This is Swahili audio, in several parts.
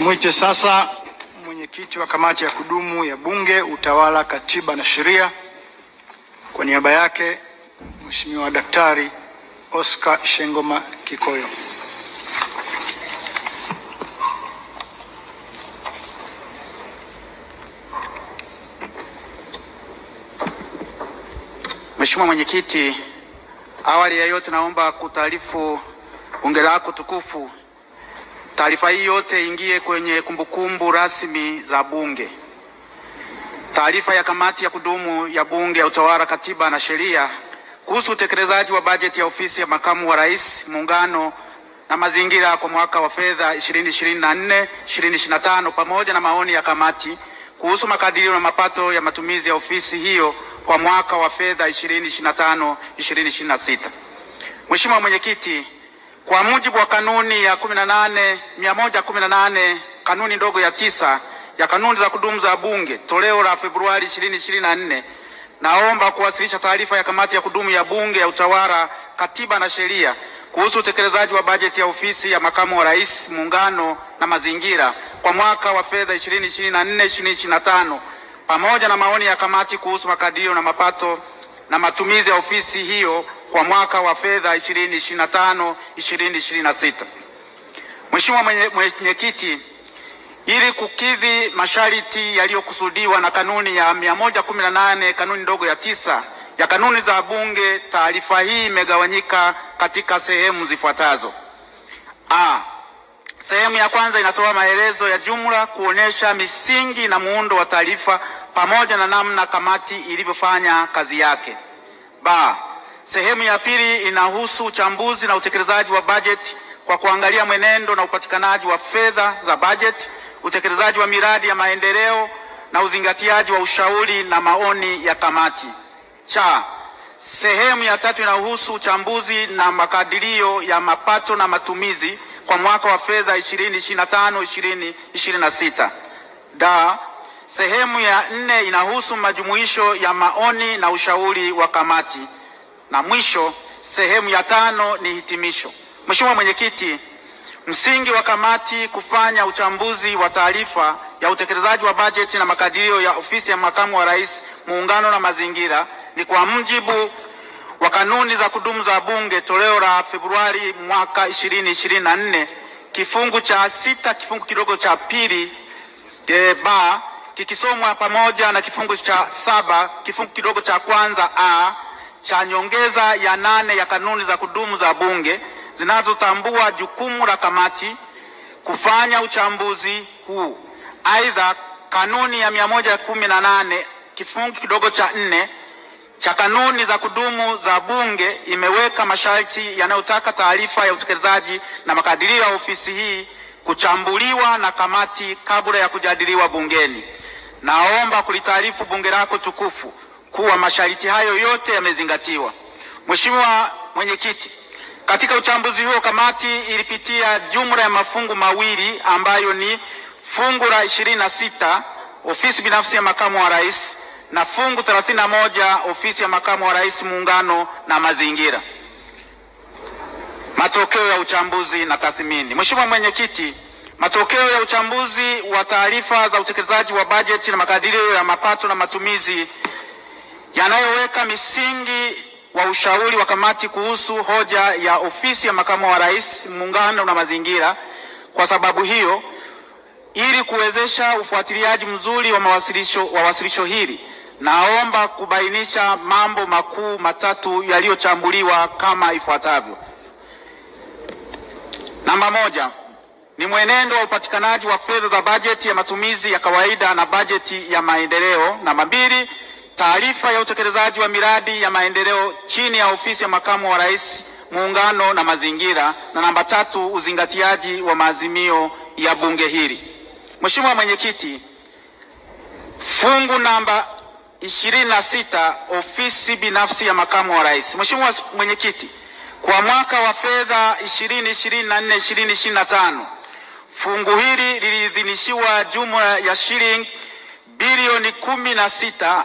Mwite sasa mwenyekiti wa kamati ya kudumu ya Bunge, Utawala, Katiba na Sheria, kwa niaba yake Mheshimiwa Daktari Oscar Shengoma Kikoyo. Mheshimiwa mwenyekiti, awali ya yote naomba kutaarifu bunge lako tukufu Taarifa hii yote ingie kwenye kumbukumbu rasmi za Bunge. Taarifa ya kamati ya kudumu ya Bunge ya Utawala, Katiba na Sheria kuhusu utekelezaji wa bajeti ya ofisi ya makamu wa rais, muungano na mazingira kwa mwaka wa fedha 2024 2025, pamoja na maoni ya kamati kuhusu makadirio na mapato ya matumizi ya ofisi hiyo kwa mwaka wa fedha 2025 2026. Mheshimiwa Mwenyekiti, kwa mujibu wa kanuni ya 18 118 kanuni ndogo ya tisa ya kanuni za kudumu za Bunge toleo la Februari 2024, naomba kuwasilisha taarifa ya kamati ya kudumu ya Bunge ya Utawala, Katiba na Sheria kuhusu utekelezaji wa bajeti ya ofisi ya makamu wa rais, muungano na mazingira kwa mwaka wa fedha 2024 2025, pamoja na maoni ya kamati kuhusu makadirio na mapato na matumizi ya ofisi hiyo kwa mwaka wa fedha 2025 2026. Mheshimiwa Mwenyekiti, ili kukidhi masharti yaliyokusudiwa na kanuni ya 118 kanuni ndogo ya tisa ya kanuni za Bunge, taarifa hii imegawanyika katika sehemu zifuatazo. A, sehemu ya kwanza inatoa maelezo ya jumla kuonesha misingi na muundo wa taarifa pamoja na namna kamati ilivyofanya kazi yake. Ba, Sehemu ya pili inahusu uchambuzi na utekelezaji wa bajeti kwa kuangalia mwenendo na upatikanaji wa fedha za bajeti, utekelezaji wa miradi ya maendeleo na uzingatiaji wa ushauri na maoni ya kamati. Cha sehemu ya tatu inahusu uchambuzi na makadirio ya mapato na matumizi kwa mwaka wa fedha 2025 2026. Da, sehemu ya nne inahusu majumuisho ya maoni na ushauri wa kamati na mwisho sehemu ya tano ni hitimisho. Mheshimiwa Mwenyekiti, msingi wa kamati kufanya uchambuzi wa taarifa ya utekelezaji wa bajeti na makadirio ya ofisi ya makamu wa rais muungano na mazingira ni kwa mujibu wa kanuni za kudumu za Bunge toleo la Februari mwaka 2024 kifungu cha sita kifungu kidogo cha pili e, ba kikisomwa pamoja na kifungu cha saba kifungu kidogo cha kwanza a cha nyongeza ya nane ya kanuni za kudumu za Bunge zinazotambua jukumu la kamati kufanya uchambuzi huu. Aidha, kanuni ya 118 kifungu kidogo cha nne cha kanuni za kudumu za Bunge imeweka masharti yanayotaka taarifa ya utekelezaji na makadirio ya ofisi hii kuchambuliwa na kamati kabla ya kujadiliwa bungeni. Naomba kulitaarifu bunge lako tukufu kuwa masharti hayo yote yamezingatiwa. Mheshimiwa Mwenyekiti, katika uchambuzi huo kamati ilipitia jumla ya mafungu mawili ambayo ni fungu la sita ofisi binafsi ya makamu wa rais na fungu 31 ofisi ya makamu wa rais muungano na mazingira. Matokeo ya uchambuzi na tathmini. Mheshimiwa Mwenyekiti, matokeo ya uchambuzi wa taarifa za utekelezaji wa bajeti na makadirio ya mapato na matumizi yanayoweka misingi wa ushauri wa kamati kuhusu hoja ya ofisi ya makamu wa rais muungano na mazingira. Kwa sababu hiyo, ili kuwezesha ufuatiliaji mzuri wa mawasilisho, wa wasilisho hili, naomba kubainisha mambo makuu matatu yaliyochambuliwa kama ifuatavyo. Namba moja ni mwenendo wa upatikanaji wa fedha za bajeti ya matumizi ya kawaida na bajeti ya maendeleo. Namba mbili taarifa ya utekelezaji wa miradi ya maendeleo chini ya ofisi ya makamu wa rais muungano na mazingira, na namba tatu, uzingatiaji wa maazimio ya bunge hili. Mheshimiwa Mwenyekiti, fungu namba 26 ofisi binafsi ya makamu wa rais. Mheshimiwa Mwenyekiti, kwa mwaka wa fedha 2024 2025 fungu hili liliidhinishiwa jumla ya shilingi bilioni 16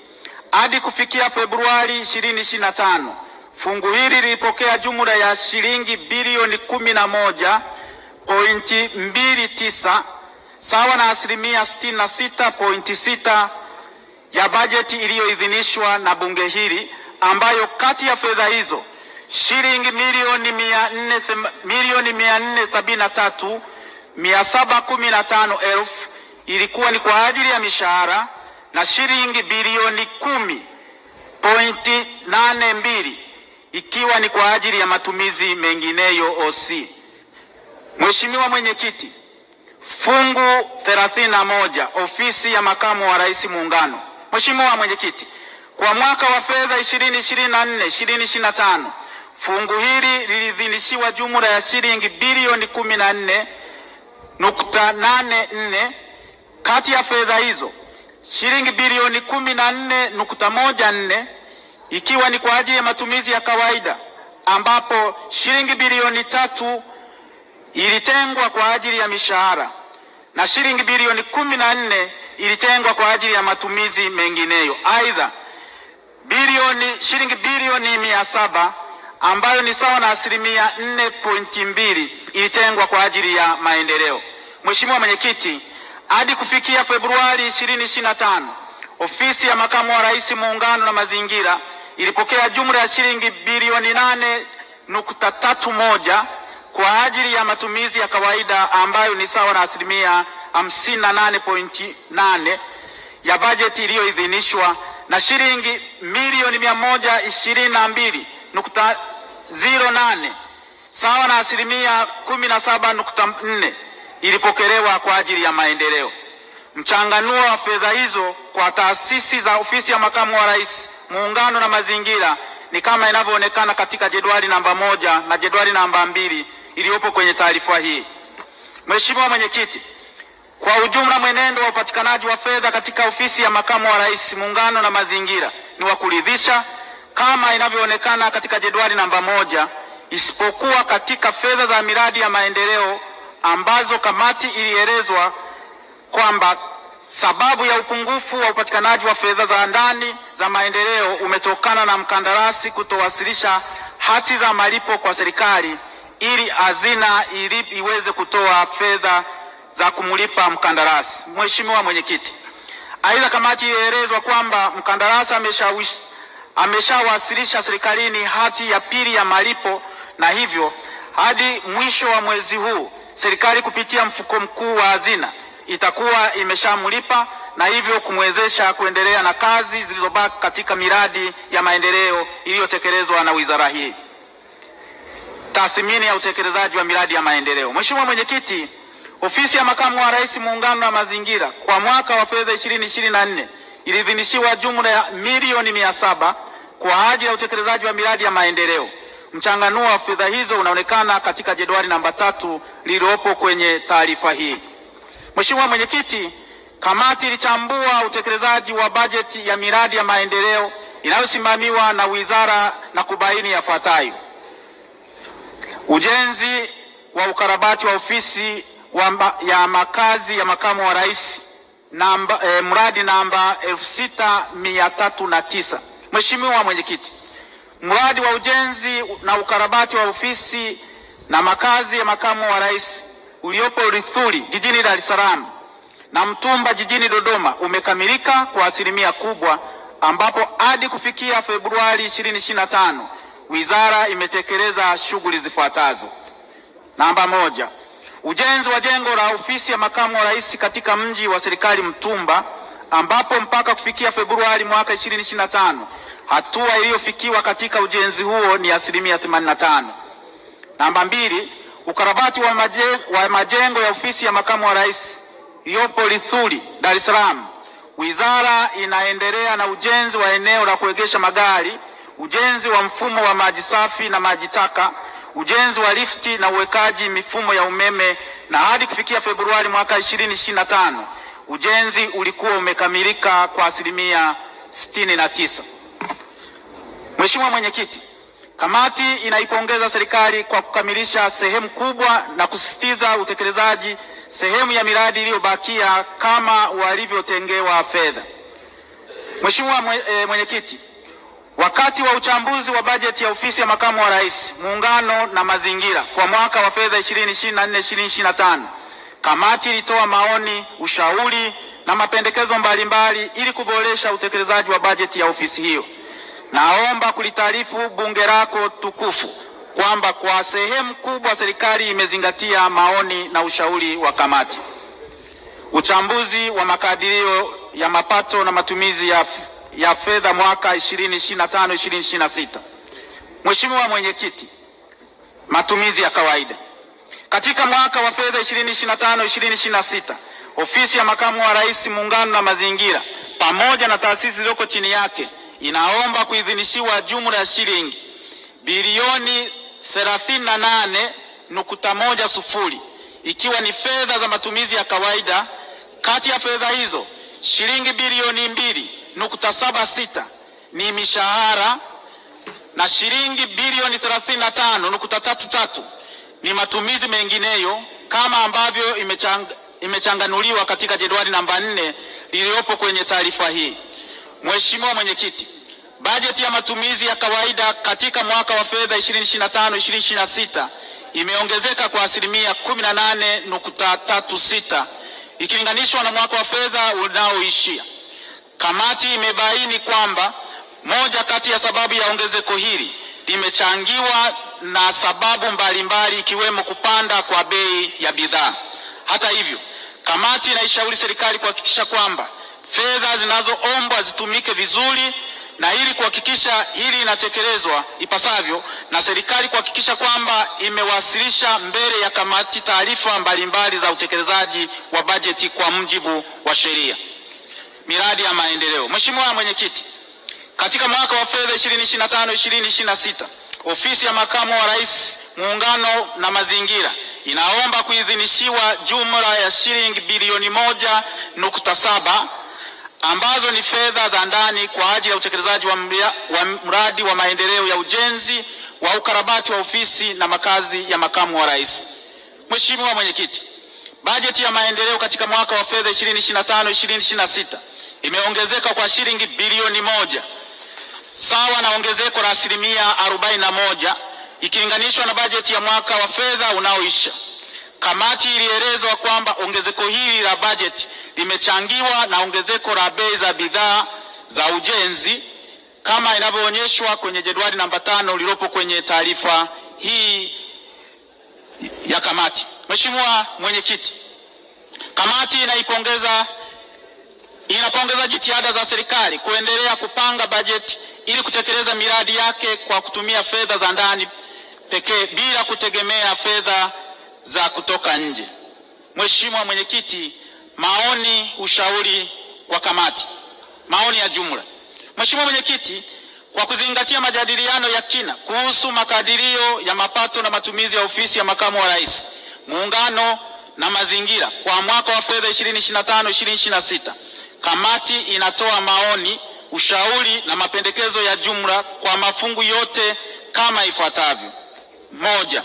Hadi kufikia Februari 2025, fungu hili lilipokea jumla ya shilingi bilioni 11.29 sawa na asilimia 66.6 ya bajeti iliyoidhinishwa na bunge hili, ambayo kati ya fedha hizo shilingi milioni 473,715 elfu ilikuwa ni kwa ajili ya mishahara na shilingi bilioni kumi pointi nane mbili ikiwa ni kwa ajili ya matumizi mengineyo OC. Mheshimiwa Mwenyekiti, fungu 31 ofisi ya makamu wa rais muungano. Mheshimiwa Mwenyekiti, kwa mwaka wa fedha 2024 2025 fungu hili lilidhinishiwa jumla ya shilingi bilioni 14.84. Kati ya fedha hizo shilingi bilioni kumi na nne nukta moja nne ikiwa ni kwa ajili ya matumizi ya kawaida ambapo shilingi bilioni tatu ilitengwa kwa ajili ya mishahara na shilingi bilioni kumi na nne ilitengwa kwa ajili ya matumizi mengineyo. Aidha, bilioni shilingi bilioni mia saba ambayo ni sawa na asilimia nne pointi mbili ilitengwa kwa ajili ya maendeleo. Mheshimiwa Mwenyekiti, hadi kufikia Februari 2025 ofisi ya makamu wa rais muungano na mazingira ilipokea jumla ya shilingi bilioni 8.31 kwa ajili ya matumizi ya kawaida ambayo ni sawa na asilimia 58.8 ya bajeti iliyoidhinishwa na shilingi milioni 122.08 sawa na asilimia 17.4 ilipokelewa kwa ajili ya maendeleo. Mchanganuo wa fedha hizo kwa taasisi za ofisi ya makamu wa rais, muungano na mazingira ni kama inavyoonekana katika jedwali namba moja na jedwali namba mbili iliyopo kwenye taarifa hii. Mheshimiwa Mwenyekiti, kwa ujumla mwenendo wa upatikanaji wa fedha katika ofisi ya makamu wa rais, muungano na mazingira ni wa kuridhisha kama inavyoonekana katika jedwali namba moja, isipokuwa katika fedha za miradi ya maendeleo ambazo kamati ilielezwa kwamba sababu ya upungufu wa upatikanaji wa fedha za ndani za maendeleo umetokana na mkandarasi kutowasilisha hati za malipo kwa serikali ili hazina iweze kutoa fedha za kumlipa mkandarasi. Mheshimiwa Mwenyekiti, aidha kamati ilielezwa kwamba mkandarasi ameshawasilisha serikalini hati ya pili ya malipo na hivyo hadi mwisho wa mwezi huu serikali kupitia mfuko mkuu wa hazina itakuwa imeshamlipa na hivyo kumwezesha kuendelea na kazi zilizobaki katika miradi ya maendeleo iliyotekelezwa na wizara hii. Tathmini ya utekelezaji wa miradi ya maendeleo. Mheshimiwa Mwenyekiti, ofisi ya makamu wa rais muungano wa mazingira kwa mwaka wa fedha 2024 ilidhinishiwa jumla ya milioni mia saba kwa ajili ya utekelezaji wa miradi ya maendeleo. Mchanganuo wa fedha hizo unaonekana katika jedwali namba tatu lililopo kwenye taarifa hii. Mheshimiwa Mwenyekiti, kamati ilichambua utekelezaji wa bajeti ya miradi ya maendeleo inayosimamiwa na wizara na kubaini yafuatayo: ujenzi wa ukarabati wa ofisi wa mba, ya makazi ya makamu wa rais namba, e, mradi namba 6309. Mheshimiwa Mwenyekiti, mradi wa ujenzi na ukarabati wa ofisi na makazi ya makamu wa rais uliopo Rithuli jijini Dar es Salaam na Mtumba jijini Dodoma umekamilika kwa asilimia kubwa, ambapo hadi kufikia Februari 2025 wizara imetekeleza shughuli zifuatazo. Namba moja, ujenzi wa jengo la ofisi ya makamu wa rais katika mji wa serikali Mtumba, ambapo mpaka kufikia Februari mwaka 2025 Hatua iliyofikiwa katika ujenzi huo ni asilimia 85. Namba mbili, ukarabati wa majengo, wa majengo ya ofisi ya makamu wa rais yopo Lithuli, Dar es Salaam. Wizara inaendelea na ujenzi wa eneo la kuegesha magari, ujenzi wa mfumo wa maji safi na maji taka, ujenzi wa lifti na uwekaji mifumo ya umeme, na hadi kufikia Februari mwaka 2025 ujenzi ulikuwa umekamilika kwa asilimia 69. Mheshimiwa Mwenyekiti, kamati inaipongeza serikali kwa kukamilisha sehemu kubwa na kusisitiza utekelezaji sehemu ya miradi iliyobakia kama walivyotengewa fedha. Mheshimiwa eh, Mwenyekiti, wakati wa uchambuzi wa bajeti ya ofisi ya makamu wa rais muungano na mazingira kwa mwaka wa fedha 2024 2025 kamati ilitoa maoni, ushauri na mapendekezo mbalimbali ili kuboresha utekelezaji wa bajeti ya ofisi hiyo. Naomba kulitaarifu bunge lako tukufu kwamba kwa sehemu kubwa serikali imezingatia maoni na ushauri wa kamati. Uchambuzi wa makadirio ya mapato na matumizi ya, ya fedha mwaka 2025 2026. Mheshimiwa Mwenyekiti, matumizi ya kawaida katika mwaka wa fedha 2025 2026, ofisi ya makamu wa rais, muungano na mazingira pamoja na taasisi zilizoko chini yake inaomba kuidhinishiwa jumla ya shilingi bilioni 38.10 ikiwa ni fedha za matumizi ya kawaida. Kati ya fedha hizo shilingi bilioni sita ni mishahara na shilingi bilioni tatu ni matumizi mengineyo kama ambavyo imechang, imechanganuliwa katika jedwali namba 4 liliyopo kwenye taarifa hii. Mheshimiwa Mwenyekiti, bajeti ya matumizi ya kawaida katika mwaka wa fedha 2025 2026 imeongezeka kwa asilimia 18.36 ikilinganishwa na mwaka wa fedha unaoishia. Kamati imebaini kwamba moja kati ya sababu ya ongezeko hili limechangiwa na sababu mbalimbali ikiwemo kupanda kwa bei ya bidhaa. Hata hivyo, kamati inaishauri serikali kuhakikisha kwamba fedha zinazoombwa zitumike vizuri na ili kuhakikisha hili inatekelezwa ipasavyo, na serikali kuhakikisha kwamba imewasilisha mbele ya kamati taarifa mbalimbali za utekelezaji wa bajeti kwa mujibu wa sheria. Miradi ya maendeleo. Mheshimiwa Mwenyekiti, katika mwaka wa fedha 2025 2026 ofisi ya makamu wa rais muungano na mazingira inaomba kuidhinishiwa jumla ya shilingi bilioni moja nukta saba ambazo ni fedha za ndani kwa ajili ya utekelezaji wa, wa mradi wa maendeleo ya ujenzi wa ukarabati wa ofisi na makazi ya makamu wa rais. Mheshimiwa Mwenyekiti, bajeti ya maendeleo katika mwaka wa fedha 2025 2026 imeongezeka kwa shilingi bilioni moja sawa na ongezeko la asilimia 41 ikilinganishwa na bajeti ya mwaka wa fedha unaoisha. Kamati ilielezwa kwamba ongezeko hili la bajeti limechangiwa na ongezeko la bei za bidhaa za ujenzi kama inavyoonyeshwa kwenye jedwali namba tano lililopo kwenye taarifa hii ya kamati. Mheshimiwa Mwenyekiti, kamati inaipongeza inapongeza jitihada za serikali kuendelea kupanga bajeti ili kutekeleza miradi yake kwa kutumia fedha za ndani pekee bila kutegemea fedha za kutoka nje. Mheshimiwa Mwenyekiti, maoni ushauri wa kamati. Maoni ya jumla. Mheshimiwa Mwenyekiti, kwa kuzingatia majadiliano ya kina kuhusu makadirio ya mapato na matumizi ya ofisi ya makamu wa rais, muungano na mazingira kwa mwaka wa fedha 2025 2026, kamati inatoa maoni, ushauri na mapendekezo ya jumla kwa mafungu yote kama ifuatavyo: moja,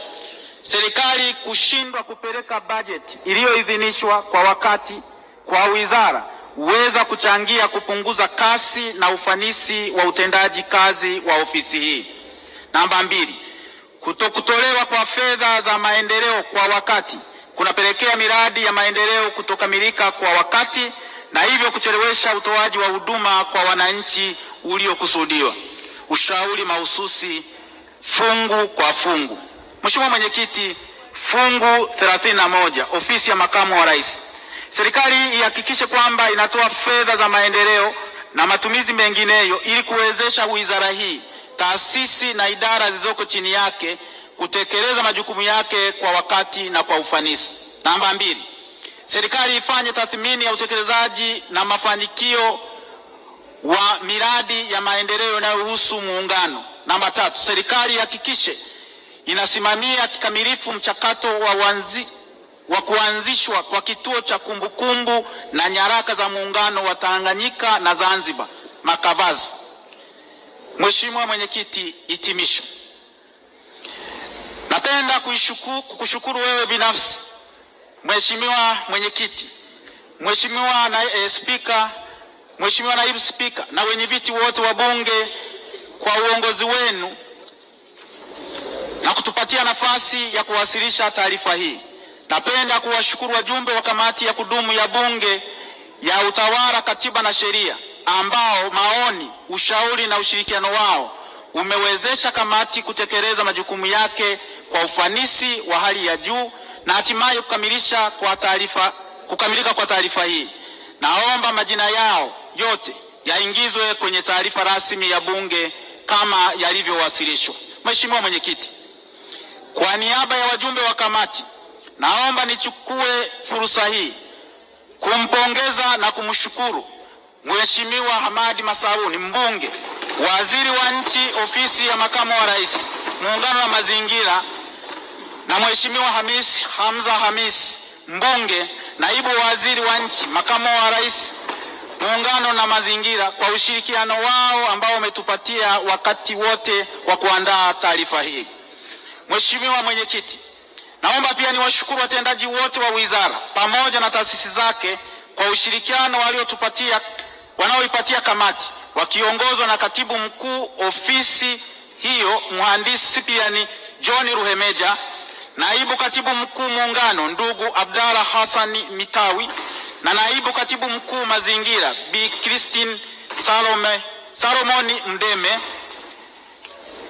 serikali kushindwa kupeleka bajeti iliyoidhinishwa kwa wakati kwa wizara huweza kuchangia kupunguza kasi na ufanisi wa utendaji kazi wa ofisi hii. Namba mbili, kutokutolewa kwa fedha za maendeleo kwa wakati kunapelekea miradi ya maendeleo kutokamilika kwa wakati na hivyo kuchelewesha utoaji wa huduma kwa wananchi uliokusudiwa. Ushauri mahususi fungu kwa fungu. Mheshimiwa Mwenyekiti, fungu 31 ofisi ya makamu wa rais, serikali ihakikishe kwamba inatoa fedha za maendeleo na matumizi mengineyo ili kuwezesha wizara hii, taasisi na idara zilizoko chini yake kutekeleza majukumu yake kwa wakati na kwa ufanisi. Namba mbili, serikali ifanye tathmini ya utekelezaji na mafanikio wa miradi ya maendeleo inayohusu muungano. Namba tatu, serikali ihakikishe inasimamia kikamilifu mchakato wa wanzi, wa kuanzishwa kwa kituo cha kumbukumbu kumbu na nyaraka za muungano wa Tanganyika na Zanzibar Makavazi. Mheshimiwa Mwenyekiti, hitimisho. Napenda kukushukuru wewe binafsi Mheshimiwa Mwenyekiti, Mheshimiwa na, eh, Spika, Mheshimiwa Naibu Spika na wenyeviti wote wa Bunge kwa uongozi wenu na kutupatia nafasi ya kuwasilisha taarifa hii. Napenda kuwashukuru wajumbe wa kamati ya kudumu ya Bunge ya Utawala, Katiba na Sheria ambao maoni, ushauri na ushirikiano wao umewezesha kamati kutekeleza majukumu yake kwa ufanisi wa hali ya juu na hatimaye kukamilisha kwa taarifa, kukamilika kwa taarifa hii. Naomba majina yao yote yaingizwe kwenye taarifa rasmi ya Bunge kama yalivyowasilishwa. Mheshimiwa Mwenyekiti, kwa niaba ya wajumbe wa kamati, naomba nichukue fursa hii kumpongeza na kumshukuru Mheshimiwa Hamadi Masauni, mbunge, waziri wa nchi ofisi ya makamu wa rais, muungano wa mazingira, na Mheshimiwa Hamis Hamza Hamis, mbunge, naibu waziri wa nchi, makamu wa rais, muungano na mazingira, kwa ushirikiano wao ambao umetupatia wakati wote wa kuandaa taarifa hii. Mheshimiwa Mwenyekiti, naomba pia niwashukuru watendaji wote wa wizara pamoja na taasisi zake kwa ushirikiano waliotupatia wanaoipatia kamati wakiongozwa na katibu mkuu ofisi hiyo mhandisi Cyprian John Ruhemeja, naibu katibu mkuu muungano ndugu Abdalla Hassan Mitawi na naibu katibu mkuu mazingira Bi Christine Salome Salomoni Mdeme.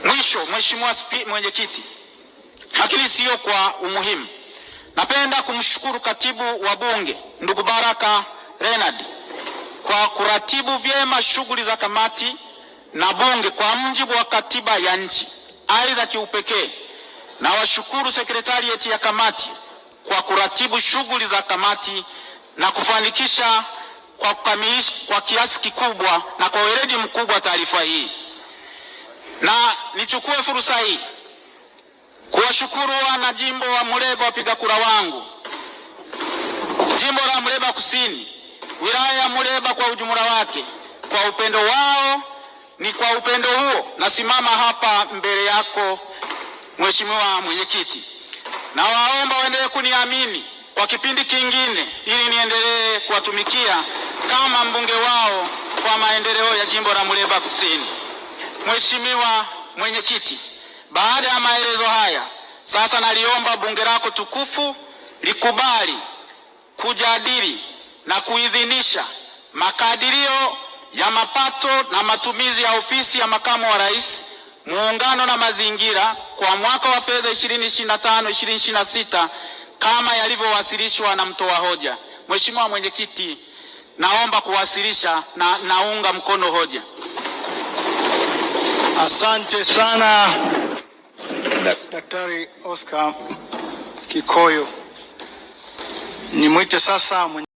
Mwisho, Mheshimiwa Mwenyekiti lakini siyo kwa umuhimu. Napenda kumshukuru katibu wa bunge ndugu Baraka Renard kwa kuratibu vyema shughuli za kamati na bunge kwa mujibu wa katiba ya nchi. Aidha, kiupekee na washukuru sekretarieti ya kamati kwa kuratibu shughuli za kamati na kufanikisha kwa kukamilisha kwa kiasi kikubwa na kwa weledi mkubwa taarifa hii, na nichukue fursa hii Niwashukuru wana jimbo wa Muleba, wapiga kura wangu, jimbo la Muleba Kusini, wilaya ya Muleba kwa ujumla wake, kwa upendo wao. Ni kwa upendo huo nasimama hapa mbele yako Mheshimiwa Mwenyekiti, na waomba waendelee kuniamini kwa kipindi kingine, ili niendelee kuwatumikia kama mbunge wao kwa maendeleo ya jimbo la Muleba Kusini. Mheshimiwa Mwenyekiti, baada ya maelezo haya sasa naliomba bunge lako tukufu likubali kujadili na kuidhinisha makadirio ya mapato na matumizi ya ofisi ya makamu wa rais muungano na mazingira kwa mwaka wa fedha 2025 2026 kama yalivyowasilishwa na mtoa hoja. Mheshimiwa Mwenyekiti, naomba kuwasilisha na naunga mkono hoja. Asante sana. Daktari Oscar Kikoyo nimwite sasa mwenye